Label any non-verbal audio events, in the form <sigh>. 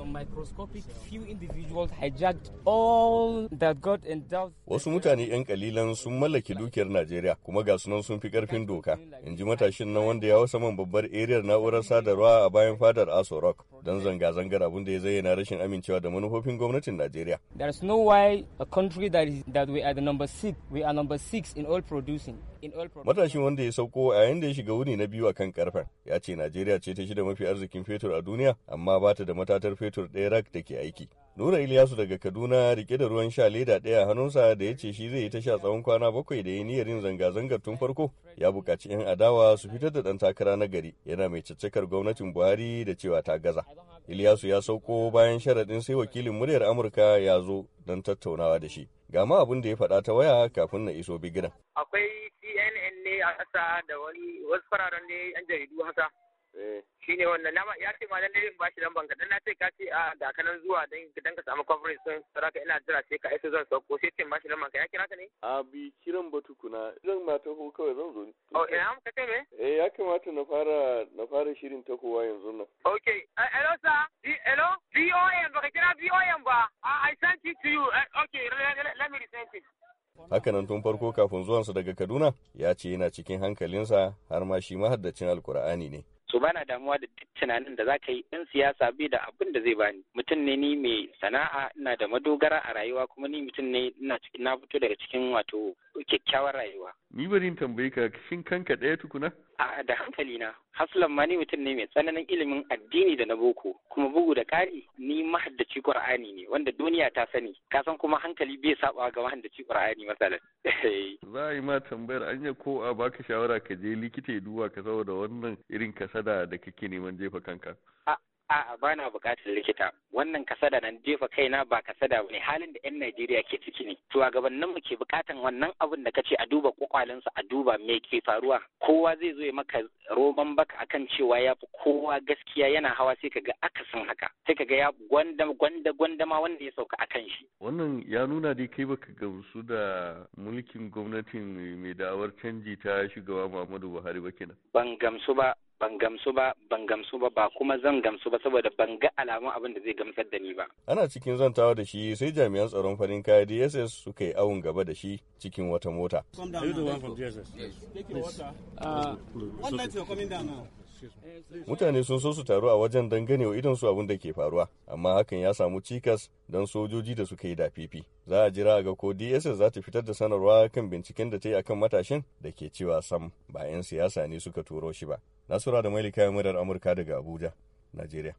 microscopic few Wasu mutane 'yan kalilan sun mallaki dukiyar Najeriya kuma ga sunan sun fi karfin doka. In ji matashin nan wanda ya wasa man babbar eriyar na'urar sadarwa a bayan fadar Aso Rock don zanga-zangar abin da ya zayyana rashin amincewa da manufofin gwamnatin Najeriya. There is no why a country that, is, that we are the number six, we are number six in oil producing. Matashin wanda ya sauko a yayin da ya shiga wuni na biyu a kan karfen ya ce Najeriya ce ta shida mafi arzikin fetur a duniya amma ba ta da matatar fetur ɗaya rak da ke aiki. Nura ilyasu daga Kaduna rike da ruwan sha leda ɗaya hannunsa da ya ce shi zai yi ta sha tsawon kwana bakwai da ya niyyar yin zanga-zangar tun farko ya buƙaci 'yan adawa su fitar da ɗan takara na gari yana mai caccakar gwamnatin Buhari da cewa ta gaza. ilyasu ya sauko bayan sharaɗin sai wakilin muryar Amurka ya zo don tattaunawa da shi. gama ma abin da ya faɗa ta waya kafin na iso bigiran. Akwai a siyasa da wani wasu fararen ne yan jaridu haka eh. shi ne wannan nama ya ce ma lalle in bashi dan ka dan na ce ka ce a ga kanan zuwa dan dan ka samu conference sun saraka ina jira sai ka iso zan sauko sai ce bashi dan ka ya kira ka ne a bi kiran ba tukuna zan ma ta ko kawai zan zo oh ina ka ce me eh ya kamata na fara na fara shirin ta kowa yanzu nan okay eh, hello sir hello BOM ba ka kira BOM ba I sent it to you eh, okay let me resend it hakanan tun farko kafin zuwansa daga kaduna ya ce yana cikin hankalinsa har ma shi mahaddacin alkur'ani ne so bana damuwa da duk tunanin da zaka yi in siyasa bai da abin da zai bani mutum ne ni mai sana'a ina da madogara a rayuwa kuma ni mutum ne ina na fito daga cikin wato kyakkyawar rayuwa. Ni bari in tambaye ka shin kanka ɗaya tukuna? A da hankali na. Haslam ma ni mutum ne mai tsananin ilimin addini da na boko kuma bugu da ƙari ni mahaddaci Qur'ani ne wanda duniya ta sani. Ka san kuma hankali bai saba ga mahaddaci Qur'ani masalan. <laughs> Za a yi ma tambayar anya ko a baka shawara ka je likita ya duba ka saboda wannan irin kasada da kake neman jefa kanka. a'a ba na bukatar likita wannan kasada nan jefa kaina ba kasada ne halin da yan Najeriya ke ciki ne shugabannin mu ke bukatan wannan abin da kace a duba kwakwalinsa a duba me ke faruwa kowa zai zo ya maka roman baka akan cewa ya fi kowa gaskiya yana hawa sai kaga akasin haka sai kaga ya gwanda gwanda gwanda ma wanda ya sauka akan shi wannan ya nuna dai kai baka gamsu da mulkin gwamnatin mai dawar canji ta shugaba Muhammadu Buhari ba kenan ban gamsu ba ban gamsu ba ban gamsu ba ba kuma zan gamsu ba saboda ban ga alamun abin da zai gamsar da ni ba ana cikin zantawa da shi sai jami'an tsaron farin kaya DSS suka yi awon gaba da shi cikin wata mota uh, mutane sun so su taru a wajen gane wa idon su abin da ke faruwa amma hakan ya samu cikas don sojoji da suka yi da fifi za a jira ga ko DSS za ta fitar da sanarwa kan binciken da ta yi akan matashin da ke cewa sam ba 'yan siyasa ne suka turo shi ba Nasura da likayen murar Amurka daga Abuja, Najeriya.